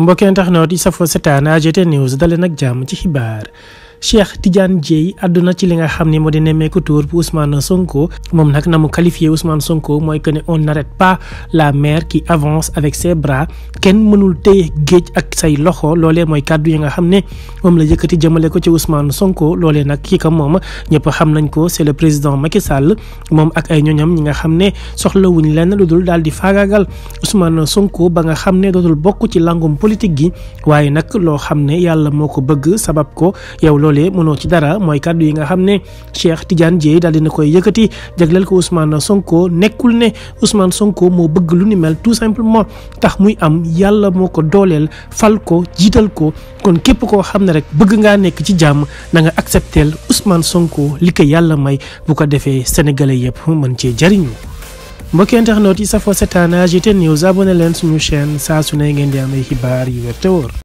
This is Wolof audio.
mbokk internet yi safoo setaan AGT news dalee nag jàmm ci xibaar Cheikh Tidiane Dieye àdduna ci li nga xam ne moo di nemmeeku tour bu Ousmane Sonko moom nag na mu qualifié Ousmane Sonko mooy que ne on n'arrête pas la mer ki avance avec ses kenn mënul tey géej ak say loxo loolee mooy kàddu yi nga xam ne moom la yëkkati jamale ko ci Ousmane Sonko loolee nag ki ko moom ñëpp xam nañ ko c'est le président Macky Sall moom ak ay ñoñam ñi nga xam ne soxlawuñ lenn lu dul daal di faagaagal Ousmane Sonko ba nga xam ne dootul bokk ci langum politique gi waaye nag loo xam ne yàlla moo ko bëgg sabab ko loolee mënoo ci dara mooy kàddu yi nga xam ne Cheikh Tidiane Dièye daal dina koy yëkkati jagleel ko Ousmane Sonko nekkul ne Ousmane Sonko moo bëgg lu ni mel tout simplement tax muy am yàlla moo ko dooleel fal ko jiital ko kon képp koo xam ne rek bëgg ngaa nekk ci jàmm na nga accepteel Ousmane Sonko li ko yàlla may bu ko defee sénégalais yëpp mën cee jariñu mbokki internet yi safoo setaan AGT News abonné leen suñu chaîne saa su ne ngeen di am ay xibaar yu